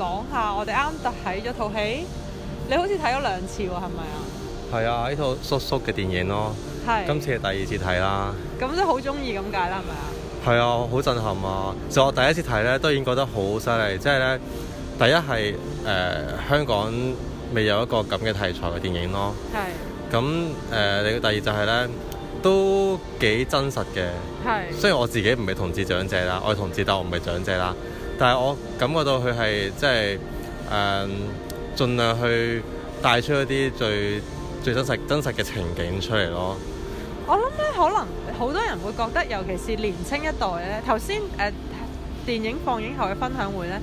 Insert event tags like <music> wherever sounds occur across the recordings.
講下我哋啱啱睇咗套戲，你好似睇咗兩次喎，係咪啊？係啊，呢套叔叔嘅電影咯。係是。今次係第二次睇啦。咁都好中意咁解啦，係咪啊？係啊，好震撼啊！就我第一次睇咧，都已經覺得好犀利，即係咧第一係誒、呃、香港未有一個咁嘅題材嘅電影咯。係是。咁你嘅、呃、第二就係咧都幾真實嘅。係是。雖然我自己唔係同志長者啦，我係同志，但我唔係長者啦。但係我感覺到佢係即係誒、嗯，盡量去帶出一啲最最真實真實嘅情景出嚟咯。我諗咧，可能好多人會覺得，尤其是年青一代咧。頭先誒電影放映後嘅分享會咧，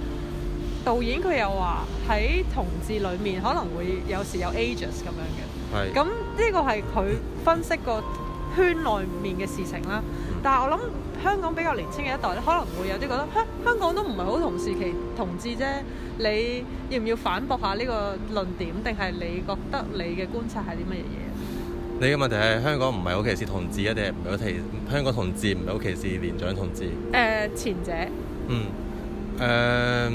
導演佢又話喺同志裡面可能會有時有 ages 咁樣嘅。係是。咁呢個係佢分析個圈內面嘅事情啦。嗯、但係我諗。香港比較年青嘅一代咧，可能會有啲覺得香香港都唔係好同時期同志啫。你要唔要反駁下呢個論點？定係你覺得你嘅觀察係啲乜嘢？你嘅問題係香港唔係好歧視同志，一定係唔係好歧香港同志唔係好歧視年長同志？誒、呃，前者。嗯。誒、呃，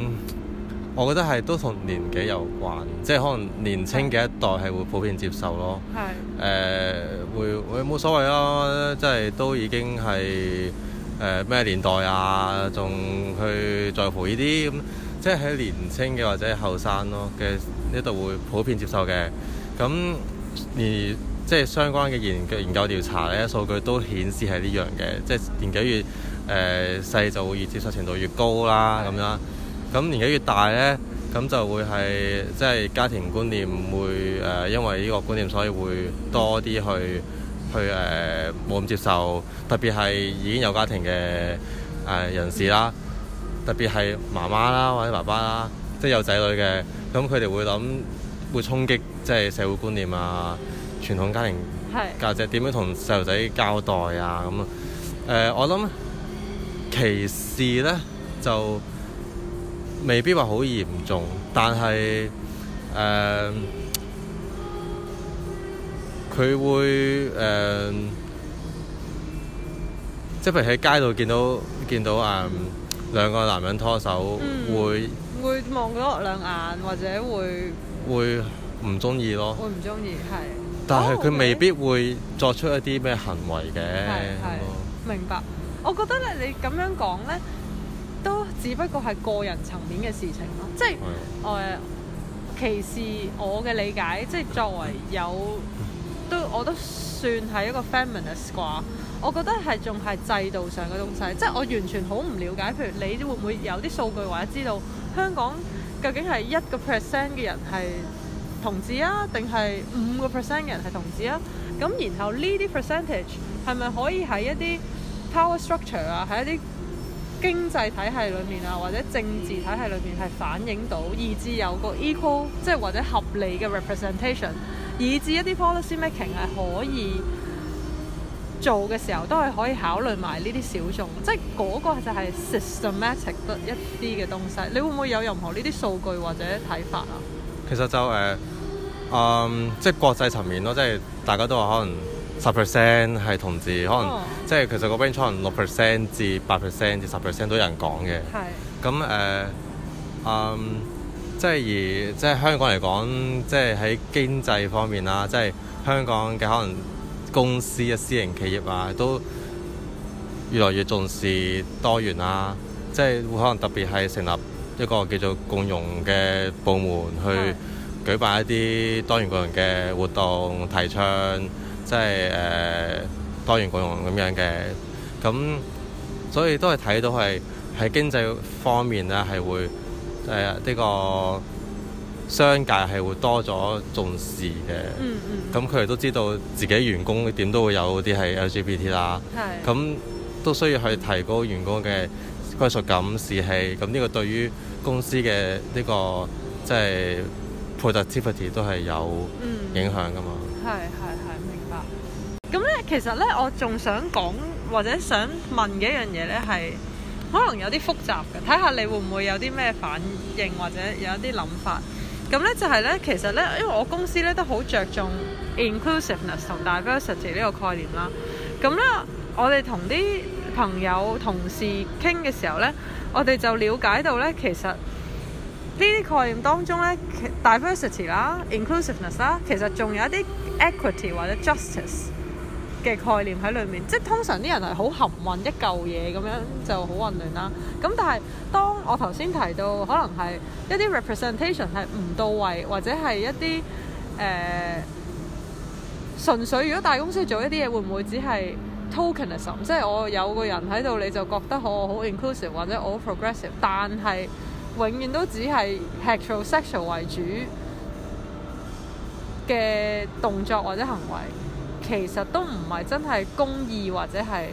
我覺得係都同年紀有關，即係可能年青嘅一代係會普遍接受咯。係。誒、呃，會會冇、欸、所謂咯，即係都已經係。誒咩、呃、年代啊，仲去在乎呢啲咁，即係喺年青嘅或者後生咯嘅呢度會普遍接受嘅。咁、嗯、而即係相關嘅研究研究調查咧，數據都顯示係呢樣嘅，即係年紀越誒細就會越接受程度越高啦咁是的 樣。咁、嗯、年紀越大咧，咁就會係即係家庭觀念會誒、呃，因為呢個觀念，所以會多啲去。去誒冇咁接受，特別係已經有家庭嘅誒、呃、人士啦，特別係媽媽啦或者爸爸啦，即係有仔女嘅，咁佢哋會諗會衝擊即係社會觀念啊、傳統家庭價值，點樣同細路仔交代啊咁啊誒，我諗歧視呢就未必話好嚴重，但係誒。呃佢會誒、呃，即係譬如喺街度見到見到誒、嗯、兩個男人拖手，嗯、會會望多兩眼，或者會會唔中意咯。會唔中意係，但係佢未必會作出一啲咩行為嘅。係係、哦，明白。我覺得咧，你咁樣講咧，都只不過係個人層面嘅事情咯。即係誒歧視，我嘅理解即係、即係、作為有。 <laughs> 都我都算係一個 feminist 啩，我覺得係仲係制度上嘅東西，即係我完全好唔了解。譬如你會唔會有啲數據或者知道香港究竟係一個 percent 嘅人係同志啊，定係五個 percent 嘅人係同志啊？咁然後呢啲 percentage 係咪可以喺一啲 power structure 啊，喺一啲經濟體系裏面啊，或者政治體系裏面係反映到，以至有個 equal 即係或者合理嘅 representation？以至一啲 policy making 係可以做嘅時候，都係可以考慮埋呢啲小眾，即係嗰個就係 systematic 得一啲嘅東西。你會唔會有任何呢啲數據或者睇法啊？其實就誒，uh, um, 即係國際層面咯，即係大家都話可能十 percent 係同志，可能、oh。即係其實個 range 可能六 percent 至八 percent 至十 percent 都有人講嘅。係是。咁誒，uh, um, 即係而即係香港嚟講，即係喺經濟方面啦，即係香港嘅可能公司嘅私營企業啊，都越來越重視多元啦。即係會可能特別係成立一個叫做共融嘅部門，去舉辦一啲多元共融嘅活動，提倡即係誒、呃、多元共融咁樣嘅。咁所以都係睇到係喺經濟方面咧，係會。係啊，呢個商界係會多咗重視嘅、嗯。嗯嗯。咁佢哋都知道自己員工點都會有啲係 LGBT 啦。係。咁都需要去提高員工嘅歸屬感、士氣。咁呢個對於公司嘅呢個即係 productivity 都係有影響㗎嘛。係係係，明白。咁咧，其實咧，我仲想講或者想問嘅一樣嘢咧係。可能有啲複雜嘅，睇下你會唔會有啲咩反應或者有一啲諗法。咁呢就係呢，其實呢，因為我公司呢都好着重 inclusiveness 同 diversity 呢個概念啦。咁呢，我哋同啲朋友同事傾嘅時候呢，我哋就了解到呢，其實呢啲概念當中呢 diversity 啦，inclusiveness 啦，inclus iveness，其實仲有一啲 equity 或者 justice。嘅概念喺裏面，即係通常啲人係好含混一舊嘢咁樣，就好混亂啦。咁但係當我頭先提到，可能係一啲 representation 係唔到位，或者係一啲誒、呃、純粹，如果大公司做一啲嘢，會唔會只係 tokenism？即係我有個人喺度，你就覺得我好 inclusive 或者我好 progressive，但係永遠都只係 heterosexual 為主嘅動作或者行為。其實都唔係真係公義或者係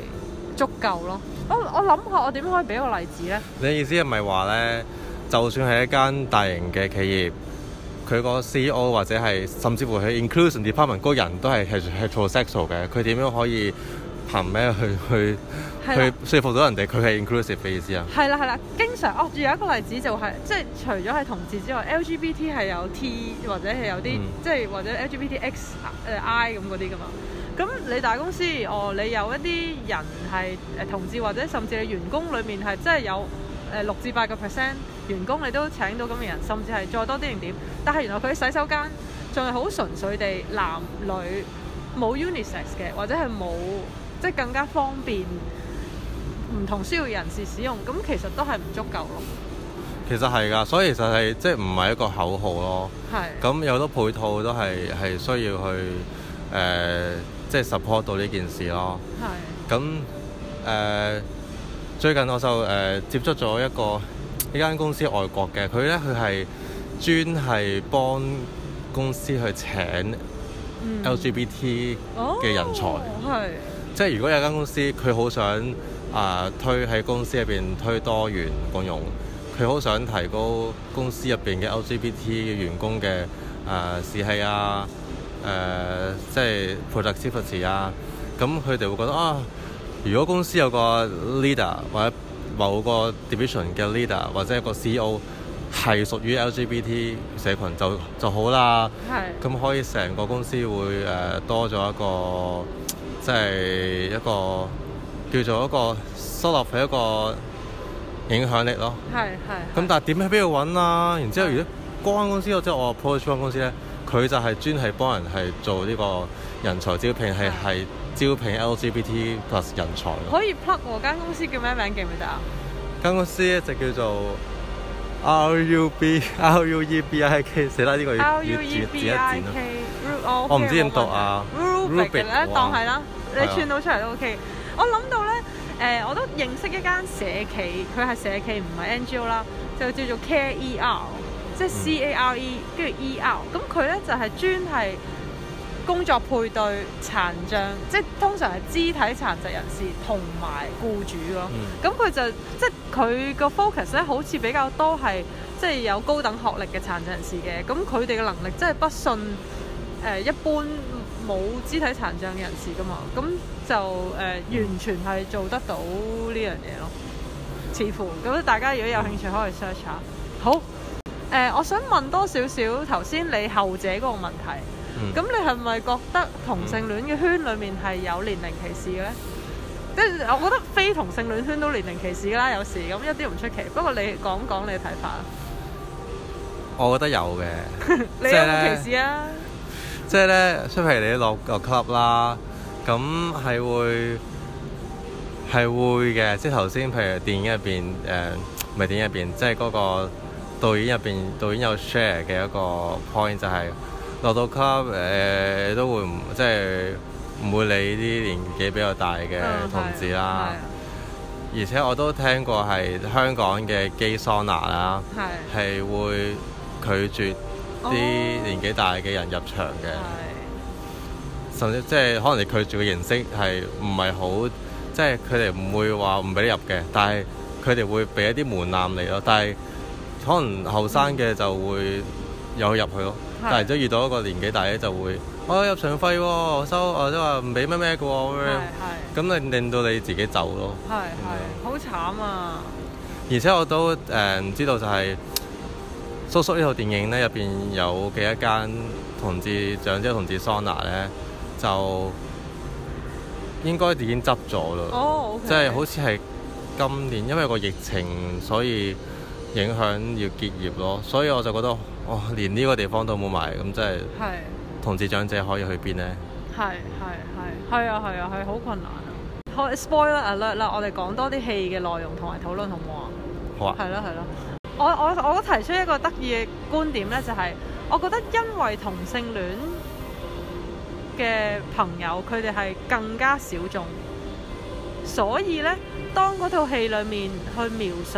足夠咯。我我諗下，我點可以俾個例子咧？你意思係咪話咧，就算係一間大型嘅企業，佢個 CEO 或者係甚至乎佢 Inclusion Department 嗰人都係係係 heterosexual 嘅，佢點樣可以？行咩去去的去説服到人哋佢係 inclusive 嘅意思啊？係啦係啦，經常哦，仲有一個例子就係、係、即係除咗係同志之外，LGBT 係有 T 或者係有啲、嗯、即係或者 LGBTX 誒 I 咁嗰啲㗎嘛。咁你大公司哦，你有一啲人係誒同志或者甚至係員工裏面係即係有誒六至八個 percent 員工，你都請到咁嘅人，甚至係再多啲定點？但係原來佢洗手間仲係好純粹地男女冇 unisex 嘅，或者係冇。即係更加方便唔同需要人士使用，咁其實都係唔足夠咯。其實係㗎，所以其實係即係唔係一個口號咯。係咁是有好多配套都係係需要去誒、呃、即係 support 到呢件事咯。係咁誒最近我就誒、呃、接觸咗一個呢間公司外國嘅佢咧，佢係專係幫公司去請 LGBT 嘅、嗯哦、人才係。即係如果有一間公司，佢好想啊、呃、推喺公司入邊推多元共融，佢好想提高公司入邊嘅 LGBT 嘅員工嘅誒士氣啊，誒即係 productivity 啊，咁佢哋會覺得啊，如果公司有個 leader 或者某個 division 嘅 leader 或者一個 CEO 係屬於 LGBT 社群就就好啦，係是，咁、嗯、可以成個公司會誒、呃、多咗一個。即係一個叫做一個收入，佢一個影響力咯。係係。咁但係點喺邊度揾啊？然後之後是如果公安公司或者我，我 Poston 公，公司咧，佢就係專係幫人係做呢個人才招聘，係係招聘 LGBT plus 人才。可以 plug 喎，間公司叫咩名？記唔記得啊？間公司一直叫做。R U B R U E B I K，死啦！呢個要剪一剪咯。我唔知點讀啊。RUEBIK，你當係啦，你串到出嚟都 OK。我諗到咧，誒，我都認識一間社企，佢係社企唔係 NGO 啦，就叫做 CareER，即係 C A R E 跟住 E R，咁佢咧就係專係。工作配對殘障，即係通常係肢體殘疾人士同埋僱主咯。咁佢、嗯、就即係佢個 focus 咧，好似比較多係即係有高等學歷嘅殘疾人士嘅。咁佢哋嘅能力即係不遜誒、呃、一般冇肢體殘障嘅人士噶嘛。咁就誒、呃、完全係做得到呢樣嘢咯。似乎咁，大家如果有興趣，可以 search 下。好誒、呃，我想問多少少頭先你後者嗰個問題。咁你係咪覺得同性戀嘅圈裡面係有年齡歧視嘅咧？即係我覺得非同性戀圈都年齡歧視噶啦，有時咁一啲又唔出奇。不過你講講你嘅睇法啊。我覺得有嘅，你有冇歧視啊？即係咧，譬如你落個 club 啦，咁係會係會嘅。即係頭先，譬如電影入邊誒，唔係電影入邊，即係嗰個導演入邊，導演有 share 嘅一個 point 就係。落到 club、呃、都會唔即係唔會理啲年紀比較大嘅、啊、同志啦，而且我都聽過係香港嘅基桑拿啦，係係的會拒絕啲年紀大嘅人入場嘅，哦、甚至即係可能你拒絕嘅形式係唔係好，即係佢哋唔會話唔俾你入嘅，但係佢哋會俾一啲門檻你咯，但係可能後生嘅就會有入去咯。嗯嗯。但係都遇到一個年紀大啲就會，我的、啊、入場費喎，收或者話唔俾咩咩嘅喎咁樣，咁令令到你自己走咯。係係，好慘啊！而且我都誒唔知道就係、是、叔叔呢套電影咧，入邊有幾一間同志長者同志桑拿咧，就應該已經執咗咯。哦，即、okay、係好似係今年，因為個疫情，所以影響要結業咯，所以我就覺得。哦，連呢個地方都冇埋，咁、嗯、真係是同志長者可以去邊呢？係係係，係啊係啊，係好困難啊！開 spoiler alert 啦，我哋講多啲戲嘅內容同埋討論好唔好啊？好啊！係咯係咯，我我我提出一個得意嘅觀點呢，就係、是、我覺得，因為同性戀嘅朋友佢哋係更加小眾，所以呢，當嗰套戲裡面去描述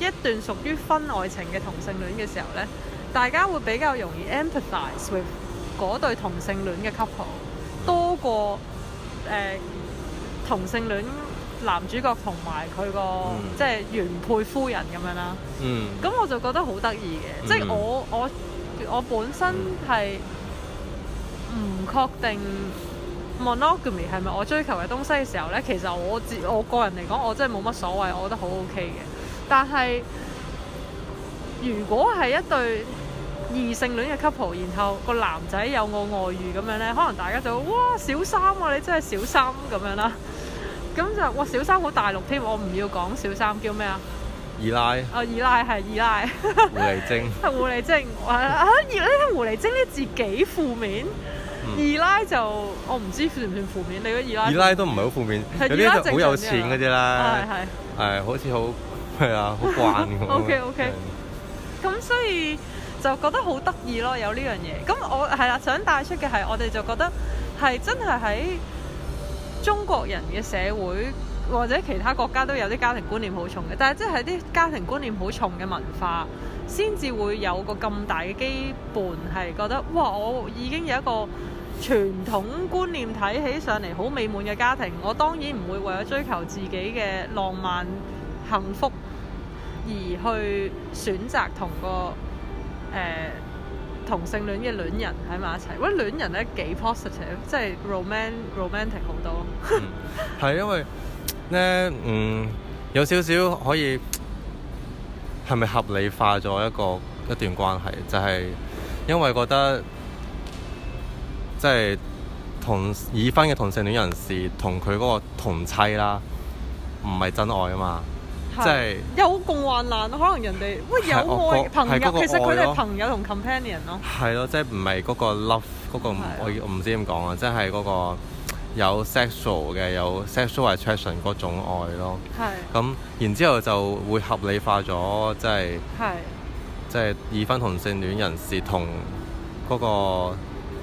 一段屬於婚外情嘅同性戀嘅時候呢。大家會比較容易 empathize with 嗰對同性戀嘅 couple 多過誒、呃、同性戀男主角同埋佢個即係原配夫人咁樣啦。咁、mm. 我就覺得好得意嘅，mm. 即係我我我本身係唔確定 monogamy 係咪我追求嘅東西嘅時候咧，其實我自我個人嚟講，我真係冇乜所謂，我覺得好 OK 嘅。但係如果係一對異性戀嘅 couple，然後個男仔有個外遇咁樣咧，可能大家就哇小三啊，你真係小三咁樣啦。咁就哇小三好大陸添，我唔要講小三叫咩啊？二奶。啊二奶係二奶。狐狸精。係狐狸精，啊二奶呢啲狐狸精呢字幾負面？二奶就我唔知算唔算負面？你嗰二奶。二奶都唔係好負面，嗰啲就好有錢嗰啲啦。係係。係好似好係啊，好慣咁。OK OK。咁所以。就覺得好得意咯，有呢樣嘢咁，我係啦，想帶出嘅係我哋就覺得係真係喺中國人嘅社會，或者其他國家都有啲家庭觀念好重嘅。但係即係啲家庭觀念好重嘅文化，先至會有個咁大嘅基本，係覺得哇！我已經有一個傳統觀念睇起上嚟好美滿嘅家庭，我當然唔會為咗追求自己嘅浪漫幸福而去選擇同個。誒、呃、同性戀嘅戀人喺埋一齊，我覺得戀人咧幾 positive，即係 romance romantic 好多。係、 <laughs> 嗯、因為咧、呃，嗯，有少少可以係咪合理化咗一個一段關係？就係、是、因為覺得即係、就是、同已婚嘅同性戀人士同佢嗰個同妻啦，唔係真愛啊嘛。即係有共患難，可能人哋會是有愛那朋友，其實佢哋係朋友同 companion 咯。係咯，即係唔係嗰個 love 嗰、那個的我唔知點講啊！即係嗰個有 sexual 嘅，有 sexual attraction 嗰種愛咯。係的。咁然之後就會合理化咗，即係的即係已婚同性戀人士同嗰、那個。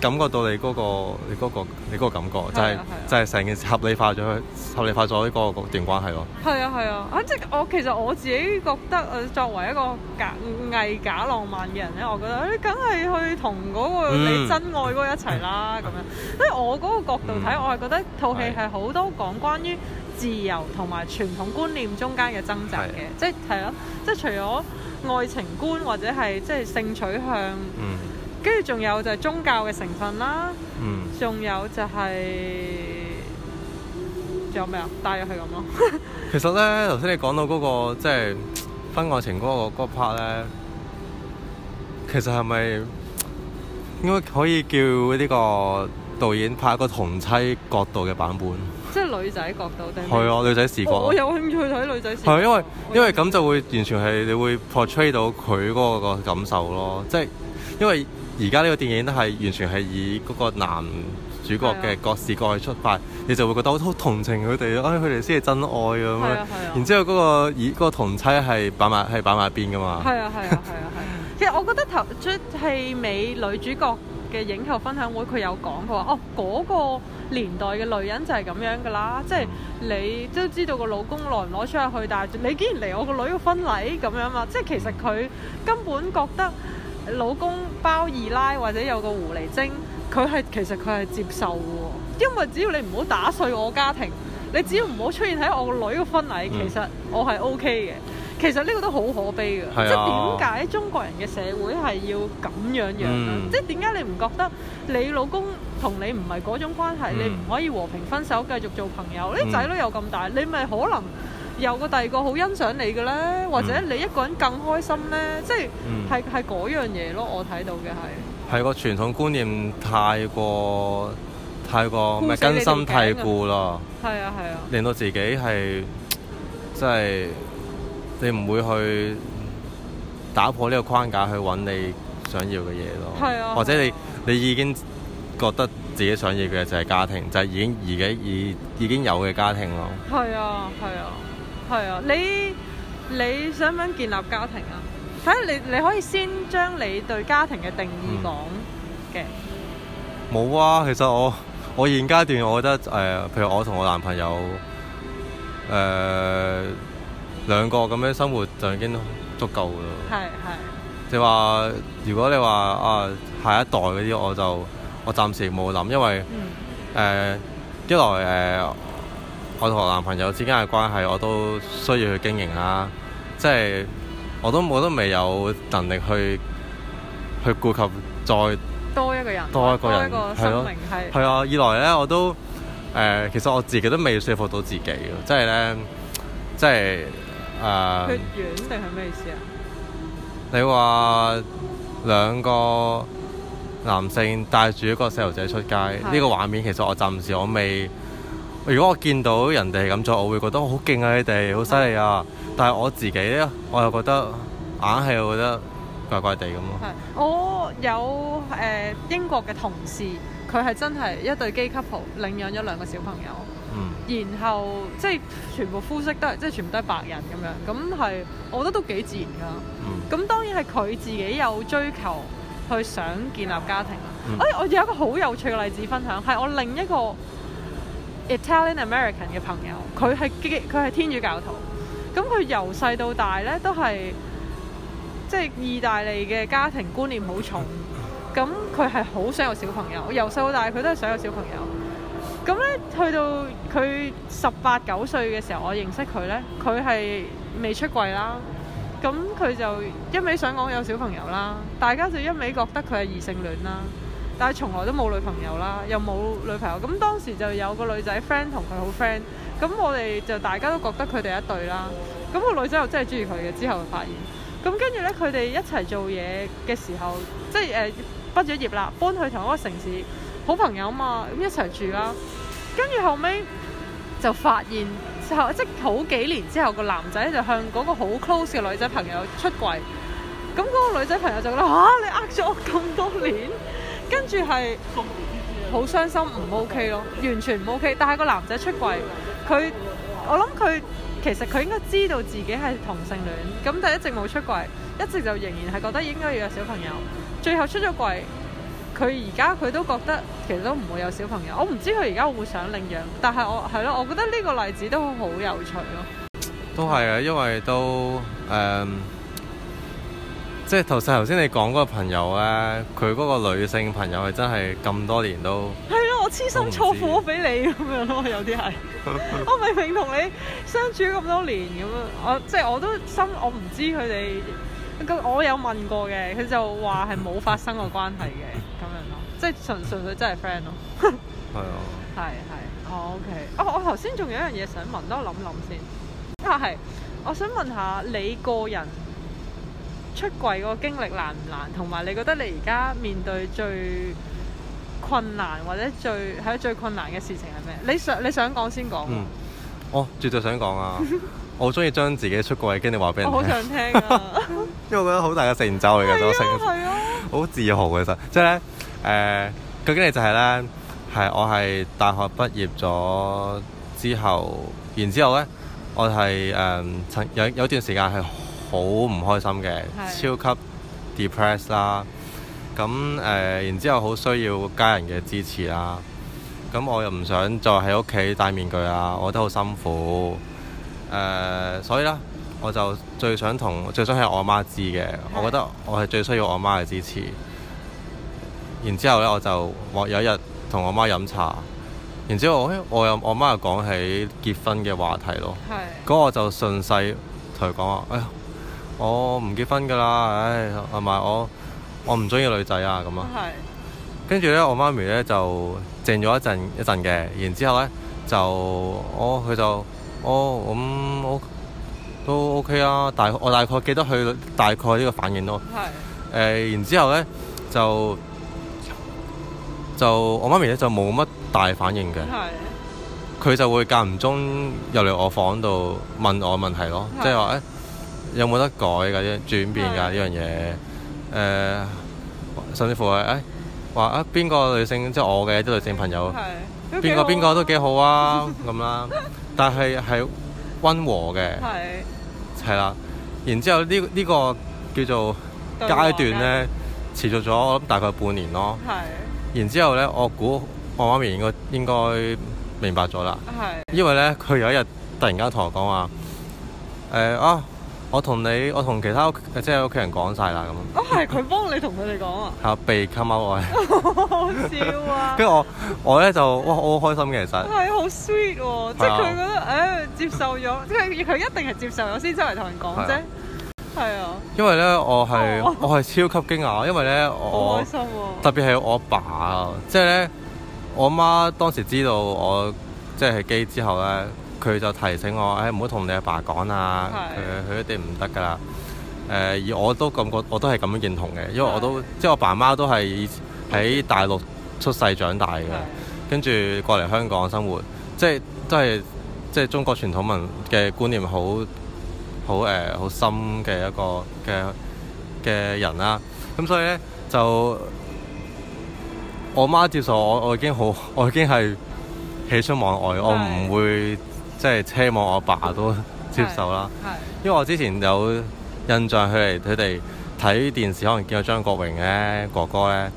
感覺到你嗰個，你嗰個，你嗰個感覺就係就係成件事合理化咗，合理化咗呢個段關係咯。係啊係啊，即係我其實我自己覺得，作為一個假偽假浪漫嘅人咧，我覺得你梗係去同嗰個你真愛嗰個一齊啦咁樣。因為我嗰個角度睇，我係覺得套戲係好多講關於自由同埋傳統觀念中間嘅掙扎嘅，即係係咯，即係除咗愛情觀或者係即係性取向。跟住仲有就係宗教嘅成分啦，嗯，仲有就係、是，仲有咩啊？大約係咁咯。其實咧，頭先你講到嗰個即係婚外情嗰個嗰 part 咧，其實係咪應該可以叫呢個導演拍一個同妻角度嘅版本？即係女仔角度定係啊？女仔視角，我有興趣睇女仔視角。係、啊、因為因為咁就會完全係你會 portray 到佢嗰個感受咯，即係因為。而家呢個電影都係完全係以嗰個男主角嘅視角去出發，啊、你就會覺得好同情佢哋，佢哋先係真愛咁樣。啊啊、然之後嗰、那個以嗰、那個童妻係擺埋係擺埋一邊噶嘛？係啊係啊係啊係啊。啊啊啊 <laughs> 其實我覺得頭出戲美女主角嘅映後分享會，佢有講，佢話哦嗰、那個年代嘅女人就係咁樣噶啦，即係你都知道個老公唔攞出去，但係你竟然嚟我個女嘅婚禮咁樣啊！即係其實佢根本覺得。老公包二奶或者有個狐狸精，佢係其實佢係接受嘅，因為只要你唔好打碎我家庭，你只要唔好出現喺我個女嘅婚禮、嗯 OK，其實我係 OK 嘅。其實呢個都好可悲嘅，嗯、即係點解中國人嘅社會係要咁樣樣？嗯、即係點解你唔覺得你老公同你唔係嗰種關係，嗯、你唔可以和平分手，繼續做朋友？啲仔、嗯、女又咁大，你咪可能？有個第二個好欣賞你嘅咧，或者你一個人更開心咧，即係係係嗰樣嘢咯。我睇到嘅係係個傳統觀念太過，太過太過咪根深蒂、啊、固啦。係啊係啊，啊令到自己係即係你唔會去打破呢個框架去揾你想要嘅嘢咯。係是啊，或者你你已經覺得自己想要嘅就係家庭，就係、是、已經而家已經已經有嘅家庭咯。係啊係啊。係啊，你你想唔想建立家庭啊？睇下你你可以先將你對家庭嘅定義講嘅、嗯。冇的啊，其實我我現階段我覺得誒、呃，譬如我同我男朋友誒兩、呃、個咁樣生活就已經足夠噶咯。係係。即係話，如果你話啊下一代嗰啲我就我暫時冇諗，因為誒、嗯呃、一來誒。呃我同我男朋友之間嘅關係，我都需要去經營啦。即係我都我都未有能力去去顧及再多一個人，多一個人，一個生命，係係啊。二來呢，我都、呃、其實我自己都未說服到自己。即係呢，即係誒，呃、血緣定係咩意思啊？你話兩個男性帶住一個細路仔出街呢個畫面，其實我暫時我未。如果我見到人哋咁做，我會覺得我好勁啊！你哋好犀利啊！但係我自己咧，我又覺得硬係覺得怪怪地咁。係，我有誒、呃、英國嘅同事，佢係真係一對基 couple 領養咗兩個小朋友，嗯、然後即係、就是、全部膚色都係即係全部都係白人咁樣，咁係我覺得都幾自然㗎。咁、嗯、當然係佢自己有追求，去想建立家庭。哎、嗯，我有一個好有趣嘅例子分享，係我另一個。Italian American 嘅朋友，佢係佢係天主教徒，咁佢由細到大咧都係即係意大利嘅家庭觀念好重，咁佢係好想有小朋友，由細到大佢都係想有小朋友。咁咧去到佢十八九歲嘅時候，我認識佢咧，佢係未出櫃啦，咁佢就一味想講有小朋友啦，大家就一味覺得佢係異性戀啦。但係從來都冇女朋友啦，又冇女朋友咁。當時就有個女仔 friend 同佢好 friend，咁我哋就大家都覺得佢哋一對啦。咁、那個女仔又真係中意佢嘅。之後就發現咁，跟住咧佢哋一齊做嘢嘅時候，即係誒、呃、畢咗業啦，搬去同一個城市，好朋友嘛，咁一齊住啦。跟住後尾就發現，後即係好幾年之後，那個男仔就向嗰個好 close 嘅女仔朋友出櫃。咁、那、嗰個女仔朋友就覺得嚇、啊、你呃咗我咁多年。跟住係好傷心唔 OK 咯，完全唔 OK。但係個男仔出櫃，佢我諗佢其實佢應該知道自己係同性戀，咁但係一直冇出櫃，一直就仍然係覺得應該要有小朋友。最後出咗櫃，佢而家佢都覺得其實都唔會有小朋友。我唔知佢而家會唔會想領養，但係我係咯，我覺得呢個例子都好有趣咯。都係啊，因為都誒。呃即係頭先頭先你講嗰個朋友咧，佢嗰個女性朋友係真係咁多年都係咯、啊，我痴心錯付咗俾你咁樣咯， <laughs> 有啲點係是， <laughs> 我明明同你相處咁多年咁樣，我即係我都心我唔知佢哋個，我有問過嘅，佢就話係冇發生過關係嘅咁樣咯，即係純粹佢真係 friend 咯。係 <laughs> 啊，係係， <laughs> 哦 OK，哦我頭先仲有一樣嘢想問，等我諗諗先，啊係我想問下你個人。出櫃個經歷難唔難？同埋你覺得你而家面對最困難或者最喺最困難嘅事情係咩？你想你想講先講。嗯，我絕對想講啊！ <laughs> 我好中意將自己出櫃嘅經歷話俾你聽。好想聽啊！ <laughs> 因為我覺得好大嘅成就嚟㗎，好、 <laughs> 啊啊、自豪其實。即係咧，誒個經歷就係咧，係我係大學畢業咗之後，然之後咧，我係誒、呃、有有，有段時間係。好唔開心嘅，的超級 depressed 啦。咁誒、呃，然之後好需要家人嘅支持啦。咁我又唔想再喺屋企戴面具啊，我覺得好辛苦。誒、呃，所以咧，我就最想同最想係我媽知嘅。的我覺得我係最需要我媽嘅支持。然之後咧，我就有一我有日同我媽飲茶，然之後、哎、我又我媽又講起結婚嘅話題咯。嗰個的我就順勢同佢講話，哎呀～我唔、oh，結婚噶啦，唉，係咪我我唔中意女仔啊？咁啊。跟住是呢，我媽咪呢就靜咗一陣一陣嘅，然之後呢，就哦，佢就哦，咁、嗯哦、都 O、okay、K 啊，大我大概記得佢大概呢個反應咯。是呃、然之後呢，就就我媽咪呢就冇乜大反應嘅，佢是就會間唔中入嚟我房度問我問題咯，是即係話有冇得改㗎？啲轉變㗎呢樣嘢，誒是、啊，甚至乎係誒話啊，邊個女性即係我嘅啲女性朋友，邊個邊個都幾好啊咁啦。但係係溫和嘅，係啦是。然之後呢、這、呢、個這個叫做階段咧，持、啊、續咗我諗大概半年咯。係是。然之後咧，我估我媽咪應該應該明白咗啦，是因為咧佢有一日突然間同我講話誒啊！哎我同你，我同其他即係屋企人講晒啦咁樣，哦，係佢幫你同佢哋講啊？係 <laughs> 被 come out <laughs> 好笑啊！跟住 <laughs> 我，我咧就哇，我好開心其實。係好 sweet 喎，即係佢覺得誒接受咗，即係佢一定係接受咗先出嚟同人講啫。係啊。啊因為咧，我係我係超級驚訝，因為咧我好開心、啊、特別係我阿爸啊，即係咧我阿媽當時知道我即係基之後咧。佢就提醒我，誒唔好同你阿爸講啊，佢佢的一定唔得噶啦。誒、呃、而我都感覺我都係咁樣認同嘅，因為我都的即係我爸媽都係喺大陸出世長大嘅，跟住的過嚟香港生活，即係都係即係中國傳統文嘅觀念好好誒好深嘅一個嘅嘅人啦、啊。咁所以咧就我媽接受我，我已經好，我已經係喜出望外，的我唔會。即係奢望，我爸都 <laughs> 接受啦。係係因為我之前有印象，佢哋佢哋睇電視，可能見到張國榮嘅哥哥咧。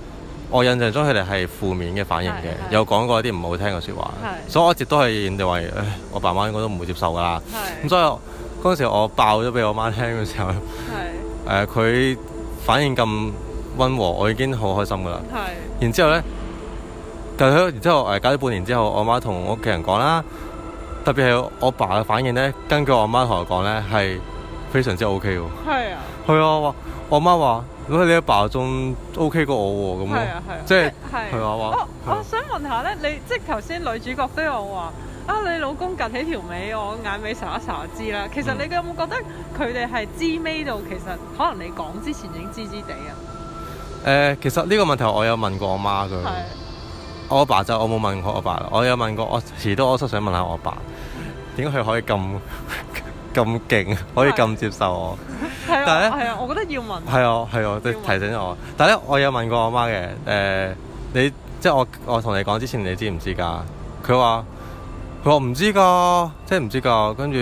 我印象中佢哋係負面嘅反應嘅，有講是 過一啲唔好聽嘅説話。是 所以我一直都係認為，我爸媽應該都唔會接受㗎啦。咁是 所以嗰陣時我爆咗俾我媽，媽聽嘅時候，誒佢是、啊、反應咁溫和，我已經好開心㗎啦。是 然後呢後之後咧，但係佢然之後誒搞咗半年之後，我媽同屋企人講啦。啊特別係我爸嘅反應咧，根據我阿媽同我講咧，係非常之 O K 嘅。係啊。係啊，我阿媽話，如果你阿爸仲 O K 過我喎，OK，咁啊。啊即係佢話話。我我想問下咧，你即係頭先女主角都有話，啊你老公近起條尾，我眼尾睄一睄就知啦。嗯、其實你有冇覺得佢哋係知尾到，其實可能你講之前已經知知哋啊？誒，其實呢個問題我有問過我媽嘅。我阿爸就是、我冇問過我爸，我有問過，我遲多我出想問下我阿爸，點解佢可以咁咁勁， <laughs> <laughs> 可以咁接受我？ <laughs> 但係呢咧，係啊， <laughs> 我覺得要問。係啊，係啊，都提醒我。但係咧，我有問過我阿媽嘅，誒、呃，你即係、就是、我我同你講之前，你知唔知㗎？佢話佢話唔知㗎，即係唔知㗎。跟住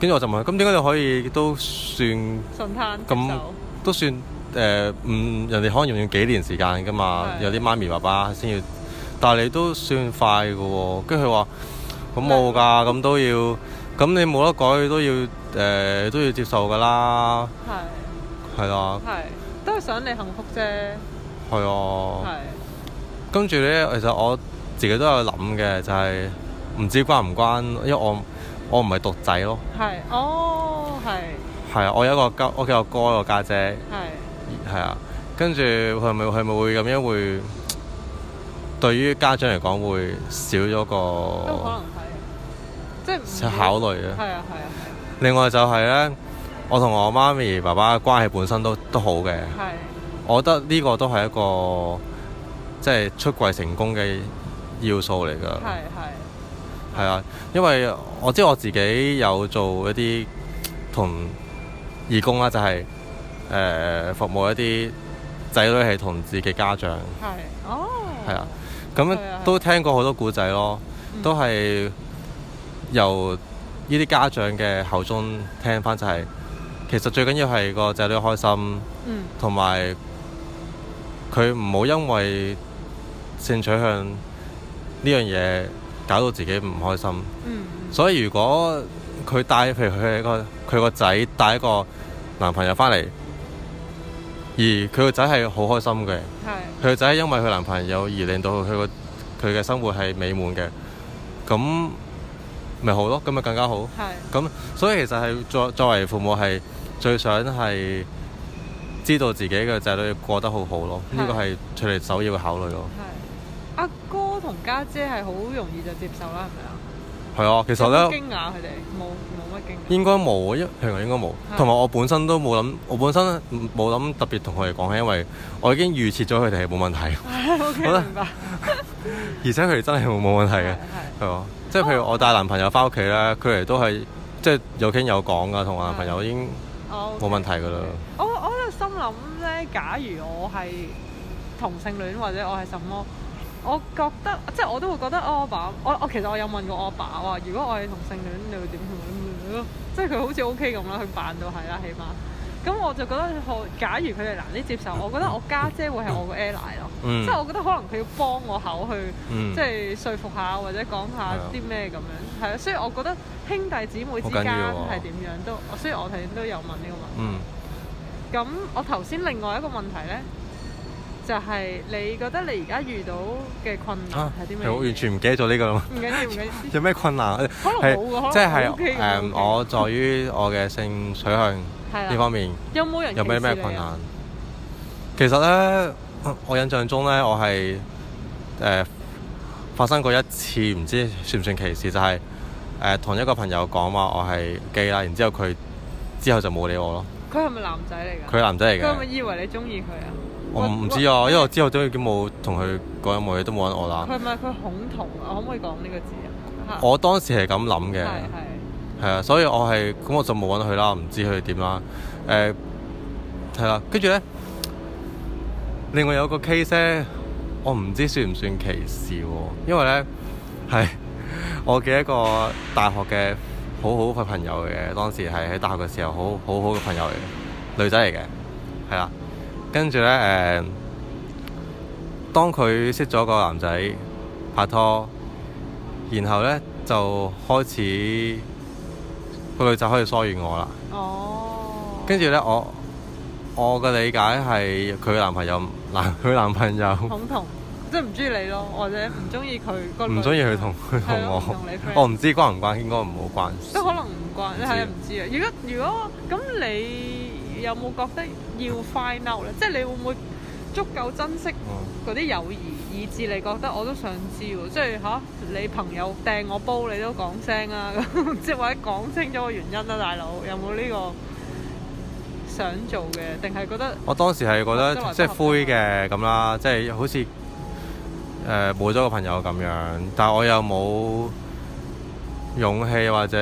跟住我就問，咁點解你可以都算順攤咁都算誒？嗯、呃，人哋可能要用，用幾年時間㗎嘛，的有啲媽咪爸爸先要。但係你都算快嘅喎、哦，跟住佢話：咁冇㗎，咁、嗯、都要，咁你冇得改都要，誒、呃、都要接受㗎啦。係係啊，的的都係想你幸福啫。係啊的。係的。跟住咧，其實我自己都有諗嘅，就係、是、唔知關唔關，因為我我唔係獨仔咯。係哦，係。係啊，我有一個屋企有哥，有家姐，姐。係的。係啊的，跟住佢咪佢咪會咁樣會。對於家長嚟講，會少咗個即係考慮啊。係啊，係啊。另外就係、是、咧，我同我媽咪爸爸嘅關係本身都都好嘅。係。我覺得呢個都係一個即係出櫃成功嘅要素嚟㗎。係係。係啊，因為我知我自己有做一啲同義工啦、就是，就係誒服務一啲仔女係同志嘅家長。係。哦。係啊。.咁都聽過好多故仔咯，嗯、都係由呢啲家長嘅口中聽翻就係、是，其實最緊要係個仔女開心，同埋佢唔好因為性取向呢樣嘢搞到自己唔開心。嗯、所以如果佢帶，譬如佢係個佢個仔帶一個男朋友翻嚟。而佢個仔係好開心嘅，佢個仔因為佢男朋友而令到佢個佢嘅生活係美滿嘅，咁咪好咯，咁咪更加好。咁的所以其實係作作為父母係最想係知道自己嘅仔女過得好好咯，呢個係佢哋首要考慮咯。阿哥同家姐係好容易就接受啦，係咪啊？係啊，其實咧。驚訝佢哋。冇。應該冇，一譬如應該冇，同埋的我本身都冇諗，我本身冇諗特別同佢哋講係，因為我已經預設咗佢哋係冇問題。OK，明白。而且佢哋真係冇冇問題嘅，係喎。即係譬如我帶男朋友翻屋企咧，佢哋都係即係有傾有講噶，同男朋友已經冇問題噶啦、okay, okay。我我喺度心諗咧，假如我係同性戀或者我係什麼，我覺得即係我都會覺得，哦、爸爸我爸我我其實我有問過我爸話，如果我係同性戀，你會點？ <noise> 即係佢好似 O K 咁啦，去扮到係啦，起碼。咁我就覺得，我假如佢哋難啲接受，我覺得我家姐，姐會係我個 ally 咯。即係我覺得可能佢要幫我口去，即係、嗯、說服下或者講下啲咩咁樣。係啊、嗯 <noise> 嗯，所以我覺得兄弟姊妹之間係點樣、啊、都，所以我頭都有問呢個問題。咁、嗯 <noise> 嗯、我頭先另外一個問題呢。就係你覺得你而家遇到嘅困難係啲咩？啊嗯、完全唔記得咗呢個咯。唔緊要，唔緊要。有咩困難？可能冇嘅。即係係我，在於我嘅性取向呢 <laughs> 方面。有冇人有冇咩困難？其實咧，我印象中咧，我係誒、呃、發生過一次，唔知算唔算歧視，就係、是、誒、呃、同一個朋友講話我係 gay 啦，然之後佢之後就冇理我咯。佢係咪男仔嚟㗎？佢男仔嚟㗎。佢係咪以為你中意佢啊？我唔知啊，因為我之後都已經冇同佢講任何嘢，都冇揾我啦。佢唔係佢恐同啊？我可唔可以講呢個字啊？我當時係咁諗嘅，係啊，所以我係咁，我就冇揾佢啦，唔知佢點啦。誒，係啦，跟住咧，另外有個 case，我唔知算唔算歧視喎，因為咧係我嘅一個大學嘅好好嘅朋友嘅，當時係喺大學嘅時候好好好嘅朋友嚟，女仔嚟嘅，係啦。跟住咧，誒，當佢識咗個男仔拍拖，然後咧就開始個女仔開始疏遠我啦。哦。跟住咧，我我嘅理解係佢男朋友嗱，佢男朋友，恐同，即係唔中意你咯，或者唔中意佢唔中意佢同佢同我，我唔知關唔關，應該唔好關事。都可能唔關，係唔知啊！如果如果咁，你有冇覺得？要 find out 咧，即係你會唔會足夠珍惜嗰啲友誼，以致你覺得我都想知喎。即係嚇你朋友掟我煲，你都講聲啊！即係或者講清楚個原因啦，大佬有冇呢個想做嘅，定係覺得我當時係覺得即係灰嘅咁啦，即係好似誒冇咗個朋友咁樣，但係我又冇勇氣或者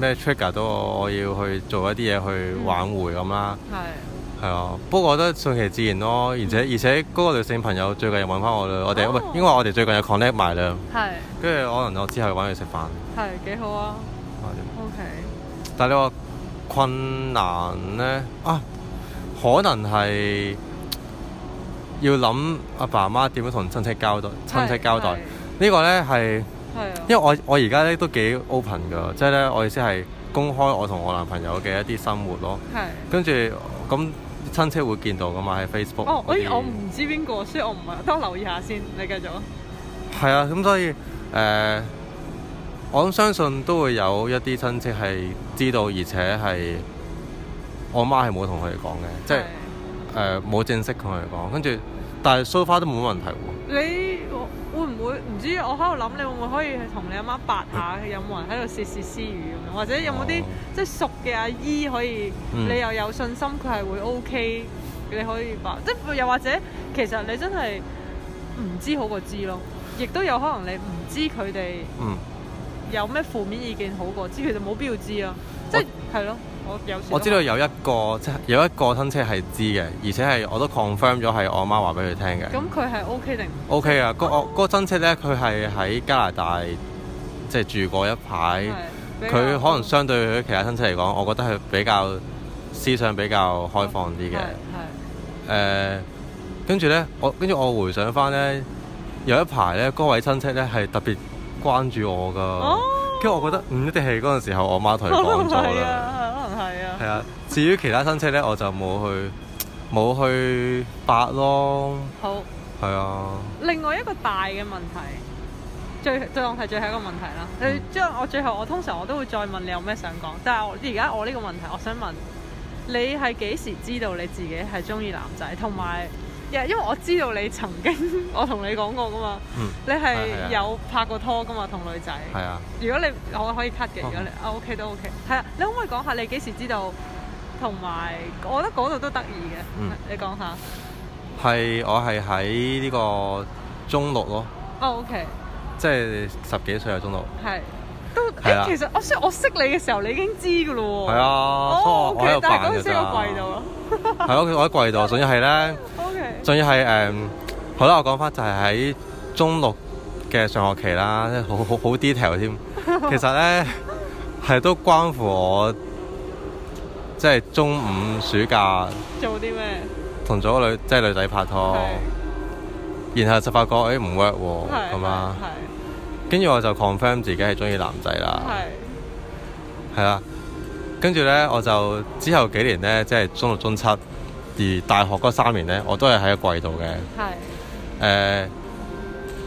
咩 trigger 到我，我要去做一啲嘢去挽回咁啦。係。係啊，不過我覺得順其自然咯，而且而且嗰個女性朋友最近又揾翻我啦，我哋唔係因為我哋最近又 connect 埋啦，係是，跟住可能我之後揾佢食飯，係幾好啊、嗯，OK，但你話困難咧啊，可能係要諗阿爸阿媽點樣同親戚交代，親戚交代個呢個咧係，係，啊、因為我我而家咧都幾 open 噶，即係咧我意思係公開我同我男朋友嘅一啲生活咯，係是，跟住咁。嗯嗯嗯親戚會見到㗎嘛？喺 Facebook 哦以我知，所以我唔知邊個，所以我唔係多留意下先。你繼續。係啊，咁所以誒、呃，我相信都會有一啲親戚係知道，而且係我媽係冇同佢哋講嘅，是即係誒冇正式同佢哋講。跟住，但係 so far 都冇問題喎。你會唔會唔知？我喺度諗，你會唔會可以同你阿媽八下？有冇人喺度竊竊私語咁樣，或者有冇啲、哦、即係熟嘅阿姨可以？嗯、你又有信心佢係會 OK，你可以八。即係又或者其實你真係唔知好過知咯。亦都有可能你唔知佢哋有咩負面意見好過知，其實冇必要知啊。即係咯。啊我，我知道有一個即係有一個親戚係知嘅，而且係我都 confirm 咗係我媽話俾佢聽嘅。咁佢係 O K 定？O K 啊，嗰個嗰、那個親戚咧，佢係喺加拿大即係、就是、住過一排。佢可能相對其他親戚嚟講，我覺得係比較思想比較開放啲嘅。係誒、oh.，跟住咧，我跟住我回想翻咧，有一排咧，嗰、那個、位親戚咧係特別關注我㗎。跟住、oh. 我覺得唔一定係嗰陣時候，我媽同佢講咗啦。Oh. <laughs> <laughs> 係啊， <laughs> 至於其他新車呢，我就冇去冇去發咯。好，係啊。另外一個大嘅問題，最最浪費最後一個問題啦。嗯、你將我最後我通常我都會再問你有咩想講，但、就、係、是、我而家我呢個問題，我想問你係幾時知道你自己係中意男仔，同埋。Yeah, 因為我知道你曾經，我同你講過噶嘛，嗯、你係有拍過拖噶嘛，同、嗯、女仔。係啊、嗯，如果你我可以 cut 嘅，哦、如果你啊 OK 都 OK。係啊，你可唔可以講下你幾時知道？同埋我覺得嗰度都得意嘅，你講下。係，我係喺呢個中六咯。哦，OK。即係你十幾歲就中六。係。都，誒，其實，啊、 <noise> 哦，所以我， <noise> <laughs> <noise> 我識你嘅時候，你已經知㗎咯喎。係啊，嗰時我喺櫃到，扮嘅咋。係我喺櫃到，仲要係咧， <noise> okay. 仲要係誒，um, 好啦，我講翻就係喺中六嘅上學期啦，即係好好好 detail 添。其實咧係 <laughs> <laughs> 都關乎我，即係中五暑假 <noise> 做啲咩？同咗女，即係女仔拍拖， <noise> <noise> 然後就發覺，誒唔 work 咁係嘛？ <noise> <noise> <noise> <noise> 跟住我就 confirm 自己係中意男仔啦，係是，係啦。跟住咧，我就之後幾年咧，即係中六、中七，而大學嗰三年咧，我都係喺個櫃度嘅。係是。誒、呃，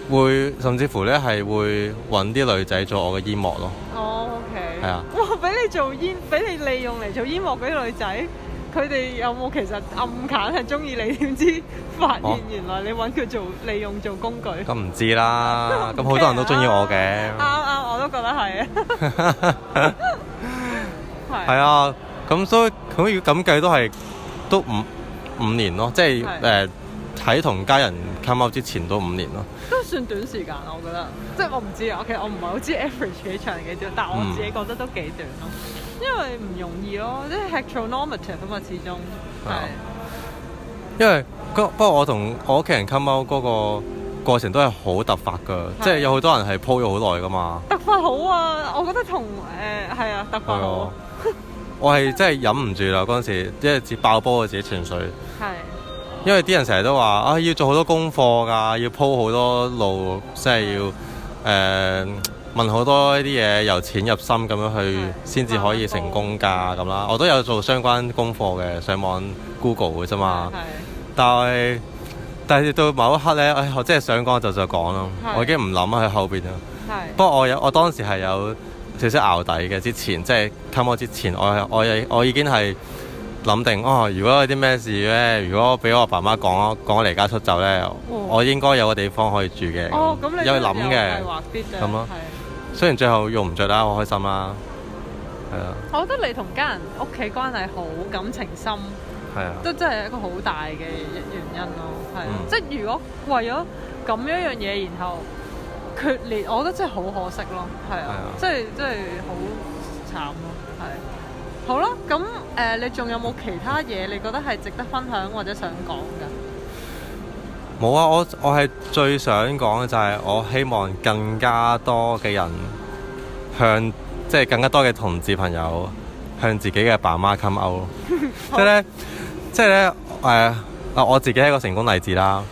會甚至乎咧係會揾啲女仔做我嘅煙幕咯。O、oh, K okay. 的。係啊。哇！俾你做煙，俾你利用嚟做煙幕嗰啲女仔。佢哋有冇其實暗揀係中意你？點知發現原來你揾佢做利用做工具？咁唔、哦、知啦，咁好、 <laughs> 啊、多人都中意我嘅。啱啱、啊啊、我都覺得係。係。係啊，咁所以咁要咁計都係都五五年咯，即係誒喺同家人 come out 之前都五年咯。都算短時間啊，我覺得。即係我唔知啊，我其我唔係好知 average 幾長幾短，但係我自己覺得都幾短咯。因為唔容易咯，即係 heteronormative 嘛，始終係。是因為不過我同我屋企人 come out 嗰個過程都係好突發噶，啊、即係有好多人係鋪咗好耐噶嘛。突發好啊！我覺得同誒係啊，突發、啊啊、 <laughs> 我係真係忍唔住啦！嗰陣時，即係自爆波自己情緒。係。因為啲、啊、人成日都話啊，要做好多功課㗎、啊，要鋪好多路，即係要誒。呃問好多呢啲嘢，由淺入深咁樣去，先至可以成功㗎咁啦。我都有做相關功課嘅，上網 Google 嘅啫嘛。但係，但係到某一刻呢，我即係想講就再講咯。我已經唔諗喺後邊啦。不過我有，我當時係有少少淆底嘅。之前即係貪多之前，我係我我已經係諗定，哦，如果有啲咩事呢？如果俾我我爸媽講啊講我離家出走呢，哦、我應該有個地方可以住嘅。哦，咁你有諗嘅。咁咯。的雖然最後用唔着啦，啊，我好開心啦，係啊。啊我覺得你同家人屋企關係好，感情深，係啊，都真係一個好大嘅原因咯，係啊。啊嗯、即係如果為咗咁一樣嘢，然後決裂，我覺得真係好可惜咯，係啊，即係、啊啊、真係好慘咯，係、啊啊。好啦、啊，咁誒、呃，你仲有冇其他嘢你覺得係值得分享或者想講嘅？冇啊！我我係最想講嘅就係，我希望更加多嘅人向，即係更加多嘅同志朋友向自己嘅爸媽 come out 咯，即係咧，即係咧誒啊！我自己係一個成功例子啦。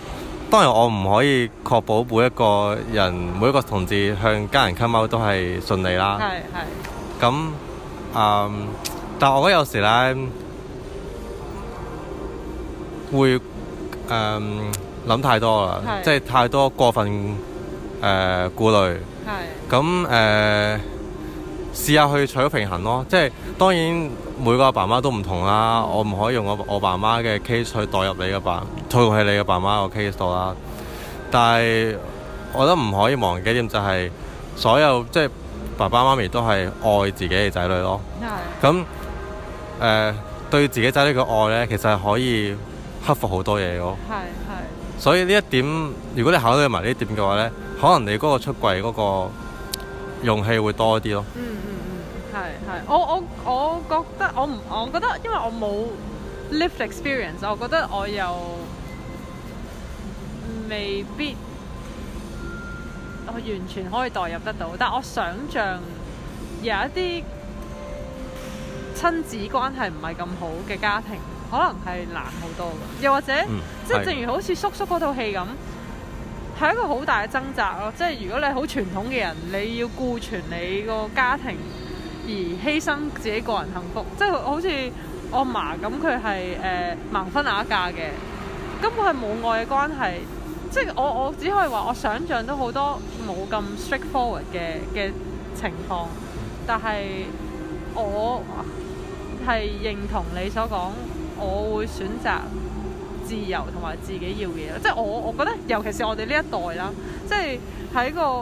當然我唔可以確保每一個人每一個同志向家人 come out 都係順利啦。係係。， <laughs> 咁、呃、誒，但係我覺得有時咧會誒。呃諗太多啦，是即係太多過分誒顧慮。係咁誒，試下去取咗平衡咯。即係當然每個阿爸媽都唔同啦。嗯、我唔可以用我我爸媽嘅 case 去代入你嘅爸，套用你嘅爸媽個 case 度啦。但係我覺得唔可以忘記一點，就係所有即係爸爸媽咪都係愛自己嘅仔女咯。係咁誒，對自己仔女嘅愛咧，其實係可以克服好多嘢咯。係。所以呢一點，如果你考慮埋呢點嘅話呢，可能你嗰個出櫃嗰個勇氣會多啲咯，嗯。嗯嗯嗯，係係。我我我覺得我唔，我覺得因為我冇 lived experience，我覺得我又未必我完全可以代入得到，但我想像有一啲親子關係唔係咁好嘅家庭。可能係難好多嘅，又或者、嗯、即係正如好似叔叔套戲咁，係是一個好大嘅掙扎咯。即係如果你好傳統嘅人，你要顧全你個家庭而犧牲自己個人幸福，即係好似我阿嫲咁，佢係誒盲婚啞嫁嘅，根本係冇愛嘅關係，即係我我只可以話我想象都好多冇咁 straightforward 嘅嘅情況，但係我係認同你所講。我會選擇自由同埋自己要嘅嘢，即係我我覺得尤其是我哋呢一代啦，即係喺個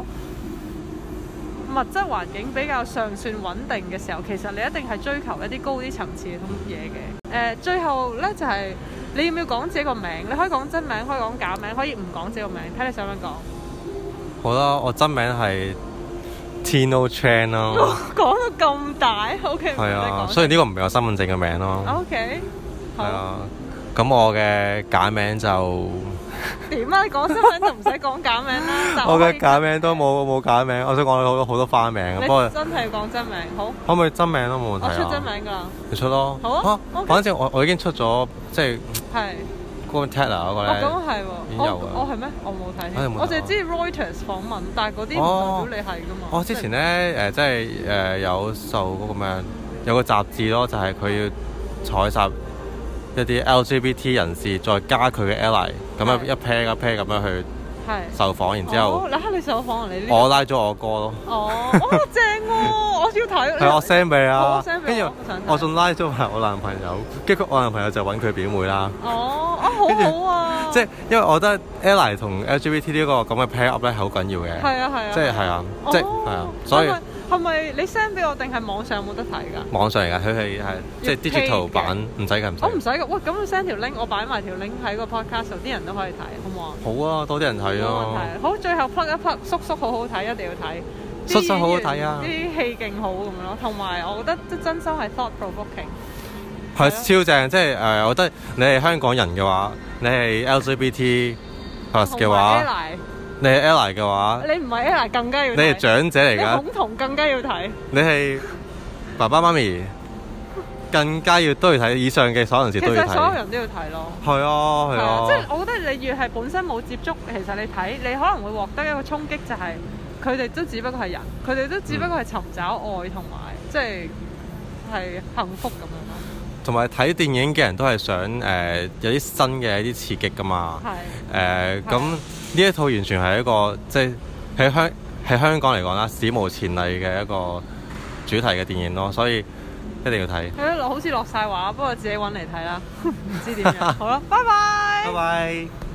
物質環境比較尚算穩定嘅時候，其實你一定係追求一啲高啲層次嘅嘢嘅。誒、呃，最後咧就係、是、你要唔要講自己個名？你可以講真名，可以講假名，可以唔講自己個名，睇你想唔想講。好啦，我真名係 Tino Chan 咯。講到咁大，OK。係、okay，啊，所以呢個唔係我身份證嘅名咯。OK。係啊，咁我嘅假名就點啊？你講真名就唔使講假名啦。我嘅假名都冇冇假名，我想講好多好多花名，不過真係講真名好，可唔可以真名都冇問題。我出真名㗎，你出咯。好啊，反正我我已經出咗即係係，個 Tatler 嗰個咧，邊有啊？我係咩？我冇睇，我淨係知 Reuters 訪問，但係嗰啲唔代表你係㗎嘛。我之前咧誒，即係誒有受嗰個咩有個雜誌咯，就係佢要採集。一啲 LGBT 人士再加佢嘅 ally 咁樣一 pair 一 pair 咁樣去受訪，然之後你受訪，你我拉咗我哥咯。哦，正喎，我要睇。係我 send 俾你啦，send 俾我。我仲拉咗埋我男朋友，跟住我男朋友就揾佢表妹啦。哦，哦，好好啊。即係因為我覺得 ally 同 LGBT 呢個咁嘅 pair up 咧係好緊要嘅。係啊係啊。即係係啊，即係係啊，所以。係咪你 send 俾我定係網上有冇得睇㗎？網上嚟㗎，佢係係即係 digital 的版，唔使咁我唔使㗎，喂，咁我 send 條 link，我擺埋條 link 喺個,個 podcast，啲人都可以睇，好唔好啊？好啊，多啲人睇咯、啊。冇問題、啊。好，最後 plug 一 plug 叔叔好好睇，一定要睇。叔叔好好睇啊！啲戲勁好咁咯，同埋我覺得即真心係 thought provoking。係 prov、啊、超正，即係誒、呃，我覺得你係香港人嘅話，你係 LGBT plus 嘅話。你係 ally 嘅話，你唔係 ally 更加要，你係長者嚟噶，恐同更加要睇。你係爸爸媽咪，更加要都要睇，以上嘅所有人時都要睇。其實所有人都要睇咯。係啊係啊，即係、啊啊就是、我覺得你越係本身冇接觸，其實你睇你可能會獲得一個衝擊，就係佢哋都只不過係人，佢哋都只不過係尋找愛同埋即係係幸福咁。同埋睇電影嘅人都係想誒、呃、有啲新嘅一啲刺激㗎嘛。係是。誒咁呢一套完全係一個即係喺香喺香港嚟講啦，史無前例嘅一個主題嘅電影咯，所以一定要睇。係啊，落好似落晒畫，不過自己揾嚟睇啦，唔 <laughs> 知點樣。好啦，拜拜 <laughs> bye。拜拜。